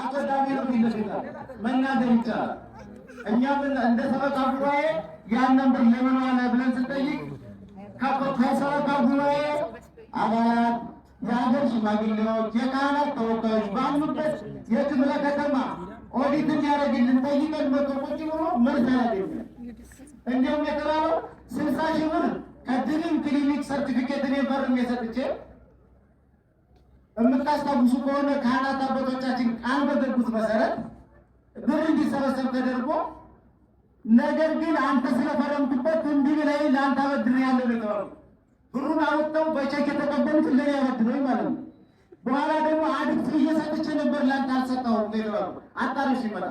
አጋጣሚ ነው ይለታል መናገር ይቻላል። እኛ እንደ ሰበካ ጉባኤ ያን ነበር ለምን ዋለ ብለን ስንጠይቅ ከሰበካ ጉባኤ አባላት የሀገር ሽማግሌዎች፣ የካህናት ተወካዮች ባሉበት የክፍለ ከተማ ኦዲትን ያደረግልን ጠይቀን መቶ ቁጭ ብሎ መልስ አላገኘንም። እንዲሁም የተባለው ስልሳ ሺህ ብር ከድሪም ክሊኒክ ሰርቲፊኬትን የፈርም የሰጥቼ የምታስታውሱ ከሆነ ካህናት አባቶቻችን ቃል በገቡት መሰረት ብር እንዲሰበሰብ ተደርጎ ነገር ግን አንተ ስለፈረምክበት እንዲህ ላይ ለአንተ አበድር ያለው የተባሉ ብሩን አወጣው በቼክ የተቀበሉት ለኔ ያበድረኝ ማለት ነው። በኋላ ደግሞ አድፍት እየሰጥቼ ነበር ለአንተ አልሰጠሁም የተባሉ አጣሪው ሲመጣ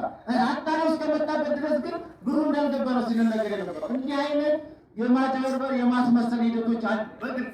አጣሪው እስከመጣበት ድረስ ግን ብሩ እንዳልገባ ነው ሲነገር ነበር። እንዲህ አይነት የማጭበርበር የማስመሰል ሂደቶች በግልጽ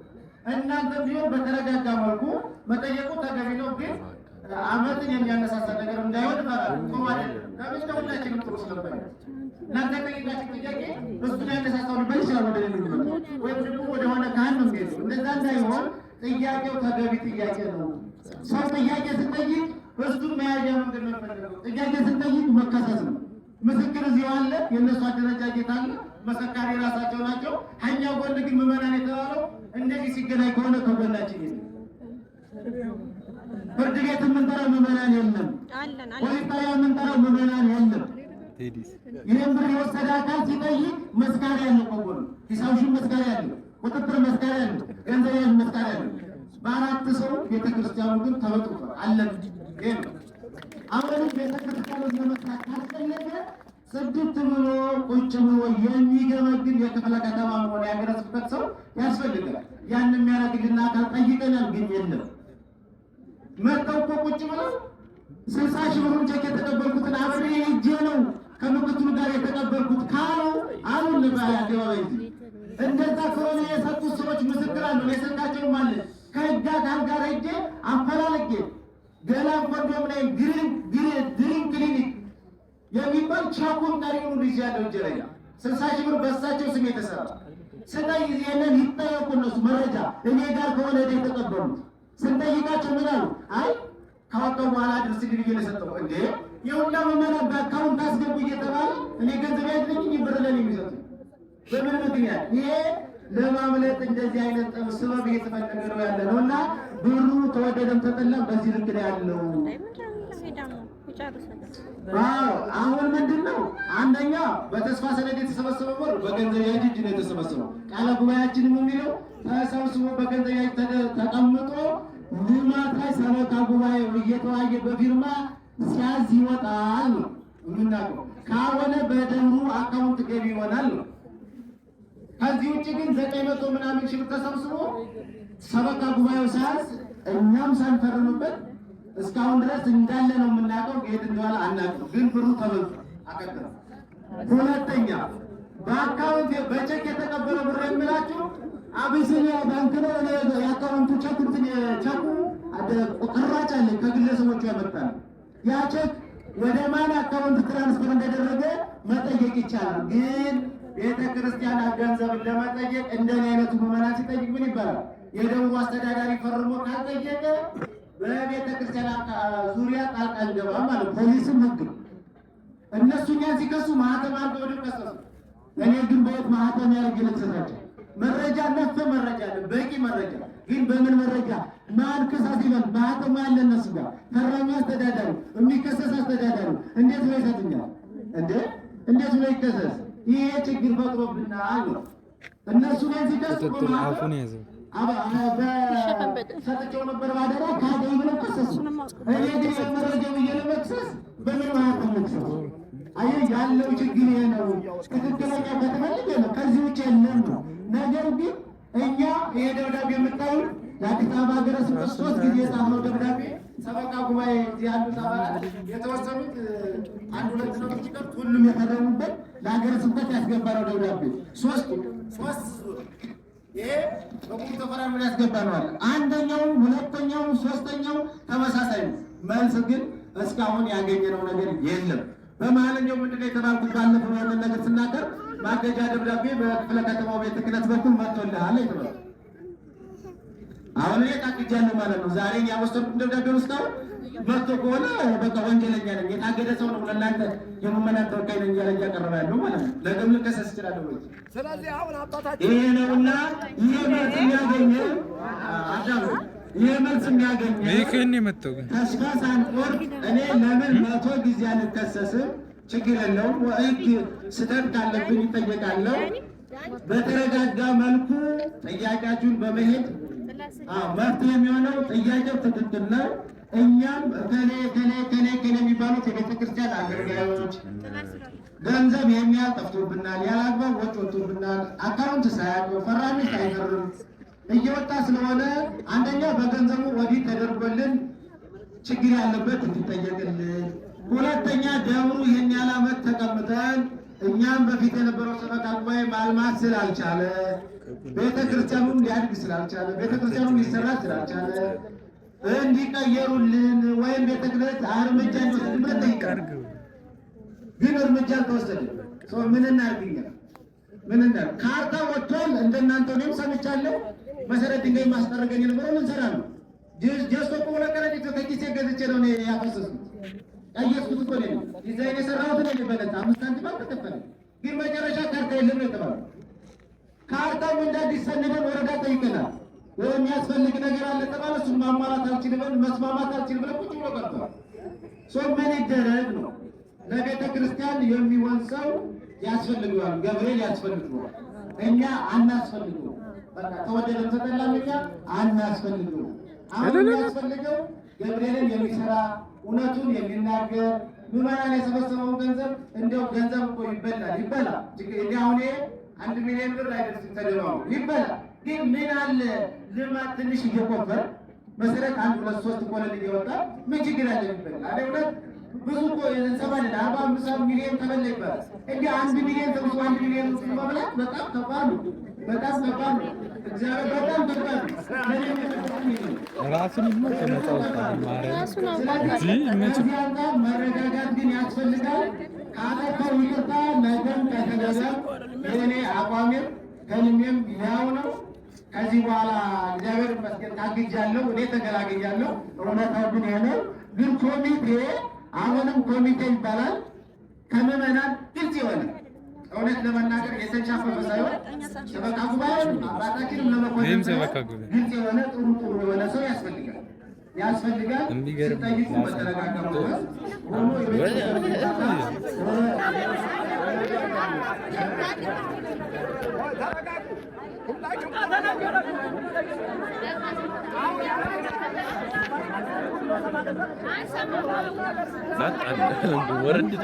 እናንተ ቢሆን በተረጋጋ መልኩ መጠየቁ ተገቢ ነው፣ ግን አመትን የሚያነሳሳ ነገር እንዳይሆን እናንተ ጥያቄ ወደሆነ እንደዛ እንዳይሆን ጥያቄው ተገቢ ጥያቄ ነው። ሰው ጥያቄ ስንጠይቅ እሱን መያዣ መንገድ ነው ጥያቄ ስንጠይቅ መከሰስ ነው። ምስክር እዚህ አለ፣ የእነሱ አደረጃጀት አለ መሰካሪ ራሳቸው ናቸው። ሀኛ ጎን ግን ምዕመናን የተባለው እንደዚህ ሲገናኝ ከሆነ ከጎናችን የለም። ፍርድ ቤት የምንጠራው ምዕመናን የለም። ፖሊስ የምንጠራው ምዕመናን የለም። ይህም ብር የወሰደ አካል ሲጠይቅ መስካሪ ያለው ከጎኑ ሂሳብሽ መስካሪ ያለው ቁጥጥር መስካሪ ያለው ገንዘብ ያዥ መስካሪ ያለው በአራት ሰው ቤተክርስቲያኑ ግን ተበጥሮ አለን። ይሄ ነው አሁንም ቤተክርስቲያኑ ለመስራት ካስፈለገ ስድስት ብሎ ቁጭ ብሎ የሚገመግም የክፍለ ከተማ መሆን ያገረስበት ሰው ያስፈልገናል። ያን የሚያደርግልን አካል ጠይቀናል፣ ግን የለም። መጥተው እኮ ቁጭ ብሎ ስልሳ ሺህ ብሩን ቼክ የተቀበልኩትን አብሬ ሄጄ ነው ከምክትሉ ጋር የተቀበልኩት ካሉ አሉን። በአደባባይ እንደዛ ከሆነ የሰጡት ሰዎች ምስክር አሉ፣ የሰጣቸውም አለ። ከህግ አካል ጋር ሄጄ አፈላልጌ ገላን ኮንዶም ላይ ግሪን ግሪን ድሪን ክሊኒክ የሚባል ቻኩር ጋር የሆኑ ልጅ ያለው ወንጀለኛ ስልሳ ሺህ ብር በሳቸው ስም የተሰራ ስታይ ይሄንን ይጠየቁ እነሱ መረጃ እኔ ጋር ከሆነ ደ የተቀበሉት ስንጠይቃቸው ምን አሉ? አይ ካወጣው በኋላ ድርስ ግድ እየተሰጠው እንዴ የሁላ መመናን በአካውንት አስገቡ እየተባለ እኔ ገንዘብ ያድለኝ ብር የሚሰጡ በምን ምክንያት ይሄ ለማምለጥ እንደዚህ አይነት ጥበብ እየተፈለገ ነው ያለ ነው እና ብሩ ተወደደም ተጠላም በዚህ ልክ ነው ያለው። አሁን ምንድን ነው አንደኛ በተስፋ ሰነድ የተሰበሰበ ብር በገንዘብ ያጅ እጅ ነው የተሰበሰበው። ቃለ ጉባኤያችንም የሚለው ተሰብስቦ በገንዘብ ያጅ ተቀምጦ ልማት ሰበካ ጉባኤ እየተዋየ በፊርማ ሲያዝ ይወጣል ነው የምናውቀው። ካልሆነ በደብሩ አካውንት ገቢ ይሆናል ነው። ከዚህ ውጭ ግን ዘጠኝ መቶ ምናምን ሽብር ተሰብስቦ ሰበካ ጉባኤው ሳያዝ እኛም ሳንፈርምበት እስካሁን ድረስ እንዳለ ነው የምናውቀው። የት እንደዋለ አናውቅም፣ ግን ብሩ ተበሉ አቀጥለ ሁለተኛ በአካውንት በቼክ የተቀበለ ብር የምላችሁ አቢሲኒያ ባንክ ነው። የአካውንቱ ቼክ እንትን ቼኩ አለ ከግለሰቦቹ ያመጣል። ያ ቼክ ወደ ማን አካውንት ትራንስፈር እንደደረገ መጠየቅ ይቻላል። ግን ቤተክርስቲያን ገንዘብን ለመጠየቅ እንደኔ አይነቱ ምዕመናን ሲጠይቅ ምን ይባላል? የደቡብ አስተዳዳሪ ፈርሞ ካልጠየቀ በቤተ ክርስቲያን ዙሪያ ጣልቃ እንገባም ማለት ፖሊስም ህግ ነው። እነሱ እኛን ሲከሱ ማህተም አድርገው ወደ ቀሰሱ። እኔ ግን በወት ማህተም ያደርግ ልክሰሳቸው መረጃ ነፈ መረጃ አለ በቂ መረጃ ግን በምን መረጃ ማን ከሳስ ይበል ማህተም ያለ እነሱ ጋር ፈራሚ አስተዳዳሪ የሚከሰስ አስተዳዳሪ እንዴት ብሎ ይሰጥኛል እንዴ እንዴት ብሎ ይከሰስ ይሄ ችግር ፈጥሮብናል እነሱ ላይ ሲከሱ ማህተም ሰጥቼው ነበር ባደራ ካደኝ ብለው ከሰሱ። እኔ ግን መረጃው እየለመክሰስ በምን መካከል ልክሰስ? አይ ያለው ችግር ይሄ ነው። ትክክለኛ ከተፈልግ ነው ከዚህ ውጭ የለም ነው። ነገር ግን እኛ ይሄ ደብዳቤ የምታዩት የአዲስ አበባ ሀገረ ስብከት ሶስት ጊዜ የጻፈው ደብዳቤ ሰበካ ጉባኤ ያሉት አባላት የተወሰኑት አንድ ሁለት ነው ሲቀር ሁሉም የፈረሙበት ለሀገረ ስብከት ያስገባነው ደብዳቤ ሶስት ሶስት ይሄ በቁም ተፈራ ምን ያስገባነዋል? አንደኛው፣ ሁለተኛው፣ ሶስተኛው ተመሳሳይ ነው። መልስ ግን እስካሁን ያገኘነው ነገር የለም። በመሀለኛው ምንድነው የተባልኩት? ባለፈው ያንን ነገር ስናገር ማገጃ ደብዳቤ በክፍለ ከተማው ቤተ ክህነት በኩል መጥቶልሃል የተባለው አሁን እኔ ታቅጃለሁ ማለት ነው። ዛሬ ያወሰድኩት ደብዳቤ ውስጥ አሁን መቶ ከሆነ በቃ ወንጀለኛ ነኝ፣ የታገደ ሰው ነው። ለእናንተ የምመናን ተወካይ ነኝ እያለ እያቀረበ ያለው ማለት ነው። ነገም ልከሰስ እችላለሁ ወይ? ስለዚህ አሁን አባታችን ይሄ ነውና ይሄ መልስ የሚያገኘ አዳም ይህ መልስ የሚያገኘ ተስፋ ሳንቆርጥ እኔ ለምን መቶ ጊዜ አልከሰስም? ችግር የለውም። ወህግ ስህተት ካለብኝ ይጠየቃለሁ። በተረጋጋ መልኩ ጥያቄያችሁን በመሄድ መፍትሄ የሚሆነው ጥያቄው ትክክል ነው እኛም ከሌ ከሌ ከሌ ከሌ የሚባሉት የቤተ ክርስቲያን አገልጋዮች ገንዘብ የሚያል ጠፍቶብናል፣ ያላግባብ ወጪ ወጥቶብናል፣ አካውንት ሳያውቅ ፈራሚ ሳይፈርም እየወጣ ስለሆነ አንደኛ በገንዘቡ ወዲህ ተደርጎልን ችግር ያለበት እንዲጠየቅልን፣ ሁለተኛ ደብሩ ይህን ያህል ዓመት ተቀምጠን እኛም በፊት የነበረው ሰበካ ጉባኤ ማልማት ስላልቻለ ቤተክርስቲያኑም ሊያድግ ስላልቻለ ቤተክርስቲያኑም ሊሰራ ስላልቻለ እንዲቀየሩልን ወይም ቤተ ክህነት እርምጃ እንዲወስድ ብለን ጠይቀናል። ግን እርምጃ አልተወሰደም። ምን እናርግኛ? ምን እናርግ? ካርታ ወጥቷል። እንደናንተ እኔም ሰምቻለሁ። መሰረት ድንጋይ ማስጠረገኝ ነበረ። ምን ሰራ ነው ጀሶ ቆለ ከረጢት ከኪሴ ገዝቼ ነው ያፈሰስኩት። ያየስኩት እኮ ነው ዲዛይን የሰራሁት ነው። በነፃ አምስት አንድ ሳንቲም ተከፈለ። ግን መጨረሻ ካርታ የለም ነው የተባለው። ካርታው እንዳዲስ ሰንደን ወረዳ ጠይቀናል። የሚያስፈልግ ነገር አለ ተባለ። እሱን ማሟላት አልችል ብለን መስማማት አልችል ብለን ቁጭ ብሎ ቀርተዋል። ሰው ምን ይደረግ ነው? ለቤተ ክርስቲያን የሚሆን ሰው ያስፈልገዋል። ገብርኤል ያስፈልገዋል። እኛ አናስፈልገው። ተወደደም ተጠላም እኛ አናስፈልገው። አሁን የሚያስፈልገው ገብርኤልን የሚሰራ እውነቱን የሚናገር ምዕመናን የሰበሰበውን ገንዘብ እንዲያው ገንዘብ እኮ ይበላል ይበላል። እኔ አሁን አንድ ሚሊዮን ብር አይደርስም ተደማሙ ይበላል ግን ምን አለ ልማት ትንሽ እየቆፈር መሰረት አንድ ሁለት ሶስት ኮለን እየወጣ ምን ችግር አለ የሚበል አደ ብዙ እኮ አርባ አምስት ሚሊዮን ተበላ ይባላል። እንዲ አንድ ሚሊዮን ተብሎ አንድ ሚሊዮን መብላት በጣም ከባድ ነው። በጣም ከባድ ነው። መረጋጋት ግን ያስፈልጋል። ይቅርታ ነገም ከተገዛ የእኔ አቋሜም ከልሜም ያው ነው። ከዚህ በኋላ እግዚአብሔር ይመስገን ታግጃለሁ፣ እኔ ተገላግጃለሁ። እውነታው ግን የሆነ ግን ኮሚቴ አሁንም ኮሚቴ ይባላል ከምዕመናን ግልጽ የሆነ እውነት ለመናገር የተንሻፈፈ ሳይሆን ሰበካ ጉባኤውን አባታችንም ለመኮንን ግልጽ የሆነ ጥሩ ጥሩ የሆነ ሰው ያስፈልጋል ያስፈልጋል ሲጠይቁ መተረጋገሙበት ወረድ